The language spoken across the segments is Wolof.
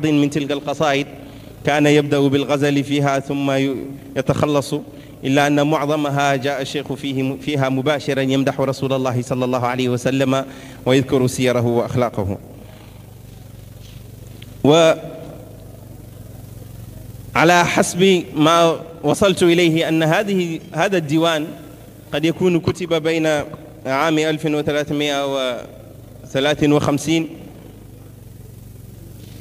بعض من تلك القصائد كان يبدأ بالغزل فيها ثم يتخلص إلا أن معظمها جاء الشيخ فيه فيها مباشرا يمدح رسول الله صلى الله عليه وسلم ويذكر سيره وأخلاقه وعلى حسب ما وصلت إليه أن هذه هذا الديوان قد يكون كتب بين عام 1353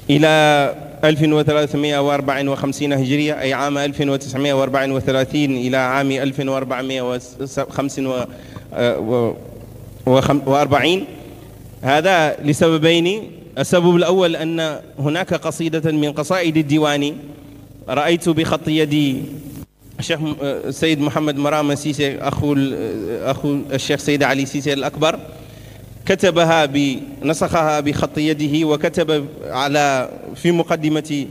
إلى 1354 هجرية أي عام 1934 إلى عام 1445 هذا لسببين السبب الأول أن هناك قصيدة من قصائد الديوان رأيت بخط يدي الشيخ السيد محمد مرام سيسي أخو, أخو الشيخ سيد علي سيسي الأكبر كتبها بنسخها بخط يده وكتب على في مقدمة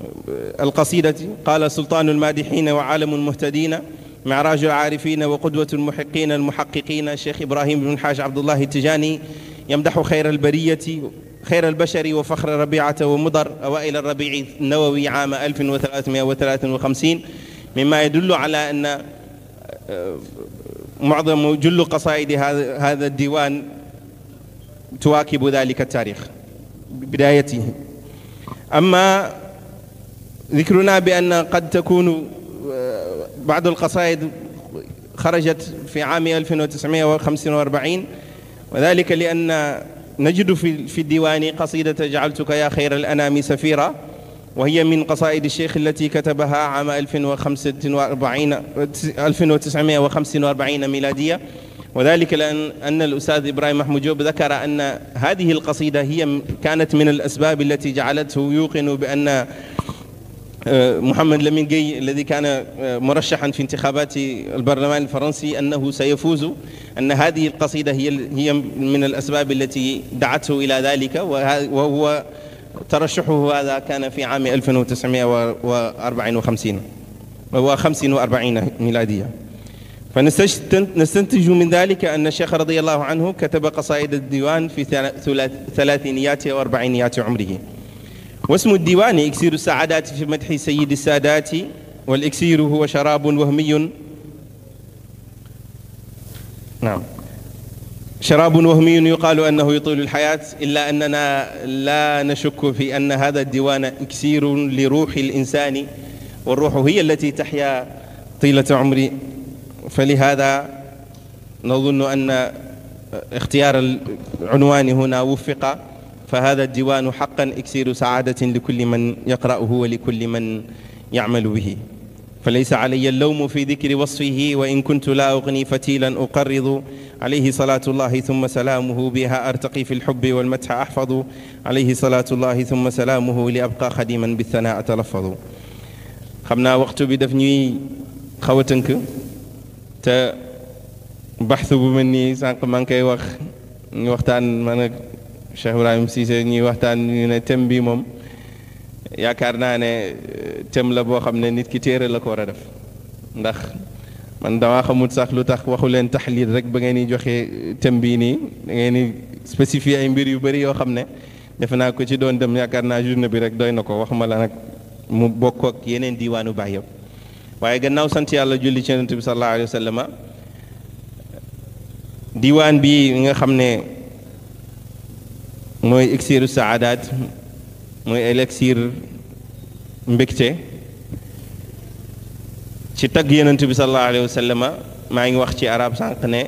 آه، القصيدة قال سلطان المادحين وعالم المهتدين معراج العارفين وقدوة المحقين المحققين الشيخ إبراهيم بن حاج عبد الله التجاني يمدح خير البرية خير البشر وفخر ربيعة ومضر أوائل الربيع النووي عام 1353 مما يدل على أن آه، معظم جل قصائد هذا الديوان تواكب ذلك التاريخ بدايته أما ذكرنا بأن قد تكون آه، بعض القصائد خرجت في عام 1945 وذلك لأن نجد في في الديوان قصيدة جعلتك يا خير الأنام سفيرا وهي من قصائد الشيخ التي كتبها عام 1945 1945 ميلادية وذلك لأن أن الأستاذ إبراهيم محمود جوب ذكر أن هذه القصيدة هي كانت من الأسباب التي جعلته يوقن بأن آه، محمد لمينجي الذي كان آه، مرشحا في انتخابات البرلمان الفرنسي أنه سيفوز أن هذه القصيدة هي هي من الأسباب التي دعته إلى ذلك وهو ترشحه هذا كان في عام 1954 و 45 ميلادية فنستنتج من ذلك أن الشيخ رضي الله عنه كتب قصائد الديوان في ثلاثينيات وأربعينيات عمره واسم الديوان إكسير السعادات في مدح سيد السادات والإكسير هو شراب وهمي نعم شراب وهمي يقال أنه يطيل الحياة إلا أننا لا نشك في أن هذا الديوان إكسير لروح الإنسان والروح هي التي تحيا طيلة عمر فلهذا نظن أن اختيار العنوان هنا وفق فهذا الديوان حقا إكسير سعادة لكل من يقرأه ولكل من يعمل به فليس علي اللوم في ذكر وصفه وإن كنت لا أغني فتيلا أقرض عليه صلاة الله ثم سلامه بها أرتقي في الحب والمدح أحفظ عليه صلاة الله ثم سلامه لأبقى خديما بالثناء أتلفظ خمنا وقت بدفني خوتنك te baxtu bu mel nii sànq maa ngi koy wax ñu waxtaan man ak Cheikh Ibrahim Cissé ñuy waxtaan ñu ne thème bi moom yaakaar naa ne thème la boo xam ne nit ki téere la ko war a def ndax man damaa xamul sax lu tax waxu leen taxliil rek ba ngeen di joxe thème bii nii da ngeen di spécifier ay mbir yu bëri yoo xam ne defe naa ko ci doon dem yaakaar naa journée bi rek doy na ko wax ma la nag mu bokk ak yeneen diiwaanu baay yëpp waaye gannaaw sant yàlla julli ci yonent bi sallallahu alayhi wa sallam diwaan bi nga xam ne mooy iksiru saadaat mooy elixir mbégte ci tagg yonent bi sallallahu alayhi wa sallam maa ngi wax ci arab sànq ne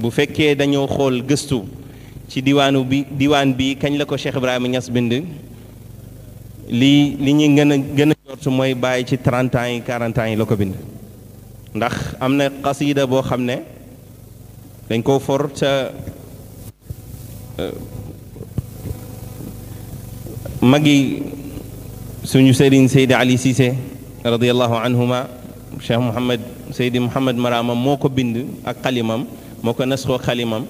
bu fekkee dañoo xool gëstu ci diwaanu bi diwaan bi kañ la ko Cheikh Ibrahima Niass bind lii li ñuy gën a gën mooy bàyyi ci 30 ans yi 40 ans la ko bind ndax am na xasida boo xam ne dañ ko for ca euh, magi suñu sëriñ Seydi Ali Cissé radiallahu anhuma Cheikh Mouhamed Seydi Mouhamed Marama moo ko bind ak xalimam moo ko nasxoo xalimam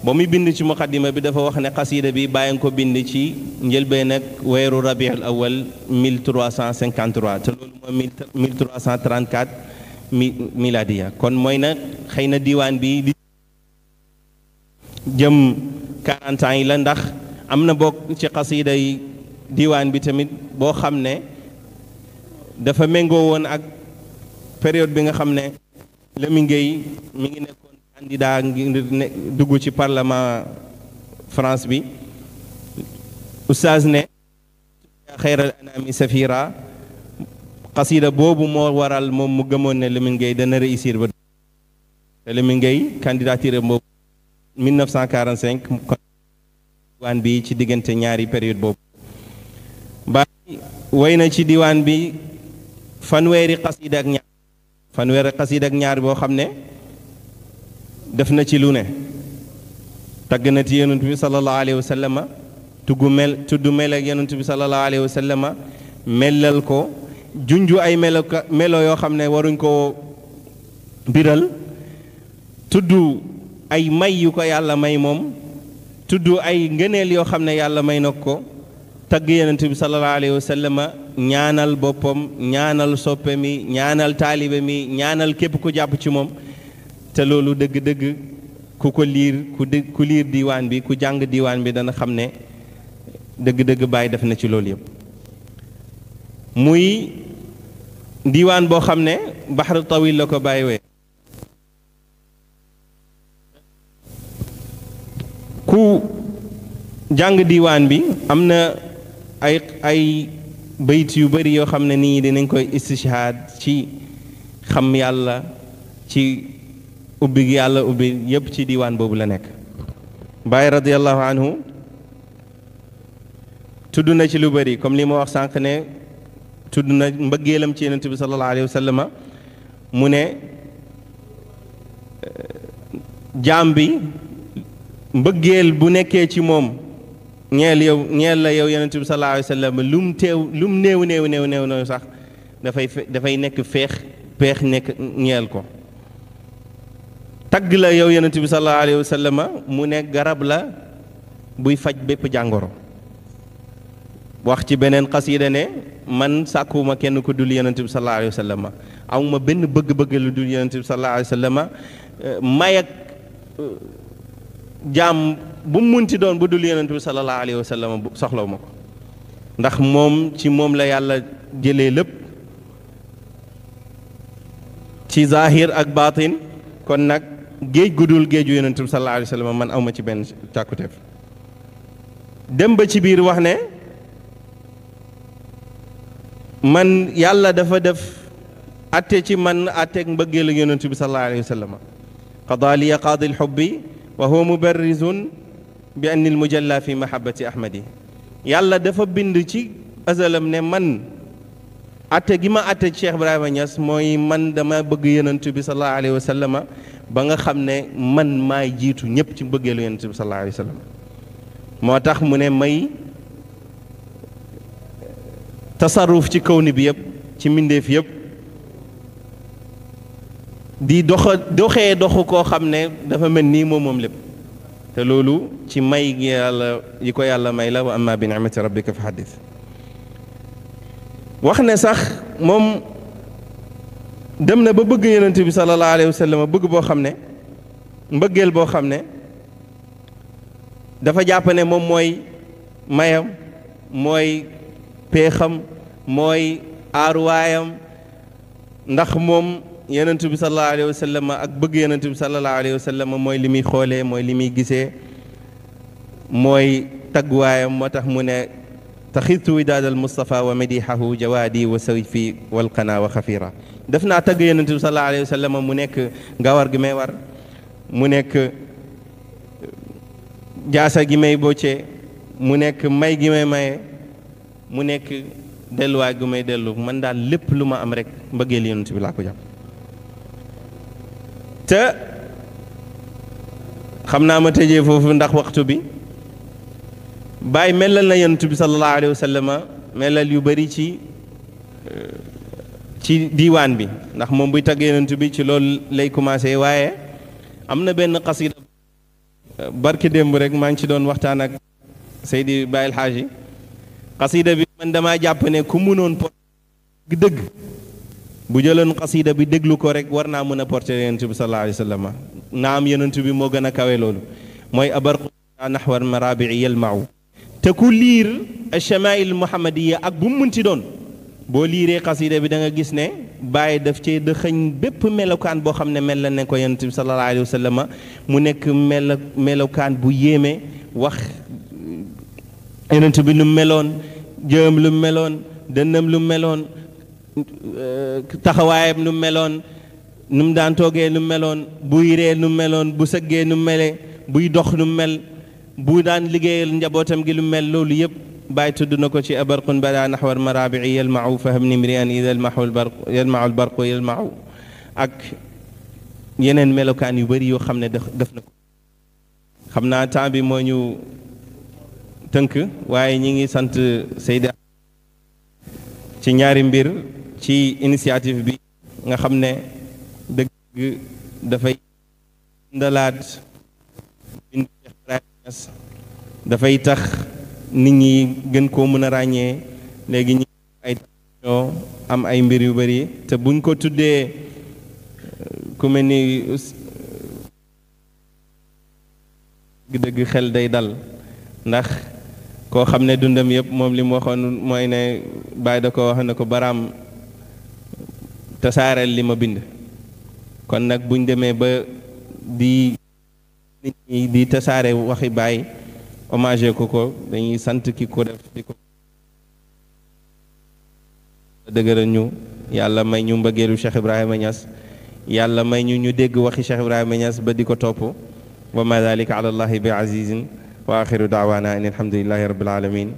bamuy bind ci muqaddima bi dafa wax ne qasida bi bàyyi ko bind ci njëlbeen ak weeru al awal 1353 te loolu mooy 1334 miladiya kon mooy na xëy na bi jëm 40 ans yi la ndax am na bokk ci xasiida yi diiwaan bi tamit boo xam ne dafa méngoo woon ak période bi nga xam ne mi ngi nekkoon candidat dugg ci parlement France bi oustaz ne xayral anami safira xasida boobu moo waral moom mu gëmoon ne Lamine Gueye dana réussir ba te Lamine Gueye candidature boobu 1945 diwaan bi ci diggante ñaari période boobu ba way ci diwaan bi fanweeri xasida ak ñaar fanweeri xasida ak ñaar boo xam ne def na ci lu ne tagg na ci yonent bi sallallahu alayhi wa sallama tugg mel tudd mel ak yonent bi wa sallama melal ko junju ay melo melo yoo xam ne waruñ koo biral tudd ay may yu ko yàlla may moom tudd ay ngëneel yoo xam ne yàlla may na ko tagg yonent bi sallallahu wa sallama ñaanal boppam ñaanal soppe mi ñaanal taalibe mi ñaanal képp ku jàpp ci moom te loolu dëgg-dëgg ku ko liir ku liir diiwaan bi ku jàng diiwaan bi dana xam ne dëgg-dëgg Baay def na ci loolu yëpp muy diiwaan boo xam ne baxaru tawil la ko bàyyi wee ku jàng diiwaan bi am na ay ay bayit yu bari yoo xam ne nit ñi dinañ koy istishaad ci xam yàlla ci ubbi yàlla ubbi yépp ci diwaan boobu la nekk bàyyi radiyallahu anhu tudd na ci lu bëri comme li ma wax sànq ne tudd na mbëggeelam ci yonent bi sallallahu alayhi wa mu ne eh, jaam bi mbëggeel bu nekkee ci moom ñeel yow ñeel la yow yonent bi sallallahu alayhi wa sallam lu mu teew lu mu néew néew néew néew sax dafay dafay nekk feex peex nekk ñeel ko tagg la yow yonent bi sallallahu alayhi wa mu ne garab la buy faj bépp jàngoro wax ci beneen xasida ne man sàkkuma kenn ku dul yonent bi sallallahu alayhi wa benn bëgg-bëgg lu dul yonent bi sallallahu alayhi wa eh, may ak eh, jaam bu mu munti doon bu dul yonent bi sallallahu alayhi wa sallam ko ndax moom ci moom la yàlla jële lépp ci zahir ak baatin kon nag géej gudul géeju yonent bi sallallahu alayhi wa sallam man awma ci benn càkkuteef dem ba ci biir wax ne man yàlla dafa def atte ci man atteeg mbëggeelu yonent bi sallallahu alayhi wa sallam qadaa liya qaadi lxubbi wa huwa mubarrizun bi anni almujalla fi mahabbati ahmadi yàlla dafa bind ci asalam ne man atte gi ma atte ci Cheikh Ibrahima Niass mooy man dama bëgg yonent bi sallallahu alayhi ba nga xam ne man maay jiitu ñëpp ci mbëggeelu yonent bi sallallahu alayhi wasallam sallam moo tax mu ne may tasarruf ci kaw ni bi yëpp ci mbindeef yëpp di doxa doxee doxu koo xam ne dafa mel nii moom moom lépp te loolu ci may gi yàlla yi ko yàlla may la wa amma bi ni'mati rabbika fa hadith wax ne sax moom dem na ba bëgg yonent bi sallallahu alayhi wa sallam bëgg boo xam ne mbëggeel boo xam ne dafa jàpp ne moom mooy mayam mooy peexam mooy aaruwaayam ndax moom yonent bi sallallahu alayhi wa sallam ak bëgg yonent bi sallallahu alayhi wa sallam mooy li muy xoolee mooy li muy gisee mooy tagguwaayam moo tax mu ne taxitu widaadal Mustafa wa madihahu jawaadi wa sayfi walqana wa xafira def naa tagg yonent bi sallallahu alayhi wa mu nekk gawar gi may war mu nekk jaasa gi may boccee mu nekk may gi may maye mu nekk delluwaay gi may dellu man daal lépp lu ma am rek mbëggeel yonent bi laa ko jàpp te xam naa ma tëjee foofu ndax waxtu bi Baay melal na yonent bi sallallahu alayhi wa sallam melal yu bari ci ci diiwaan bi ndax moom buy tagg yonent bi ci loolu lay commencé waaye am na benn xasida barki démb rek maa ngi ci doon waxtaan ak Seydi Baye El Hadji bi man damaa jàpp ne ku mënoon porté dëgg bu jëloon xasida bi déglu ko rek war naa mën a porté bi sallallahu alayhi wa sallam naam bi moo gën a kawe loolu mooy abarqu nahwal marabii yelmau te ku liir achamail muhammadiya ak bu mu mënti doon boo liiree xasida bi danga gis ne bàyyi daf cee dëxëñ bépp melokaan boo xam ne mel na ne ko yonent bi sallallahu alayhi wa sallam mu nekk melo melokaan bu yéeme wax yonent bi nu meloon jëm lu meloon dënnam lu meloon euh, taxawaayam lu meloon nu daan toogee nu meloon buy ree nu meloon bu sëggee nu mele buy dox nu mel bu daan liggéeyal njabootam gi lu mel loolu yëpp باي تدو نكوشي أبرق بلا نحو المرابع يلمع فهمني مريان إذا المح البرق يلمع البرق يلمع ak yeneen melokaan yu bari yoo xam ne def na ko xam naa temps bi moo ñu tënk waaye ñi ngi sant Seyda ci ñaari mbir ci initiative bi nga xam ne dëgg dafay ndalaat dafay tax nit ñi gën koo mën a ràññee léegi ñi am ay mbir yu bari te buñ ko tuddee euh, ku mel ni euh, dëgg xel day dal ndax koo xam ne dundam yëpp moom li mu waxoon mooy ne bàyyi da ko wax ne ko baraam tasaareel li ma bind kon nag buñ demee ba di di tasaare waxi bàyyi hommagé ko ko dañuy sant ki ko def diko ko ñu yàlla may ñu mbëggeelu Cheikh Ibrahima Niass yàlla may ñu ñu deg waxi Cheikh Ibrahima Niass ba diko top wa ma zalika ala allah bi azizin wa akhiru da'wana an alhamdulilahi rabbil alamin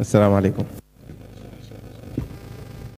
assalamu asalaamaaleykum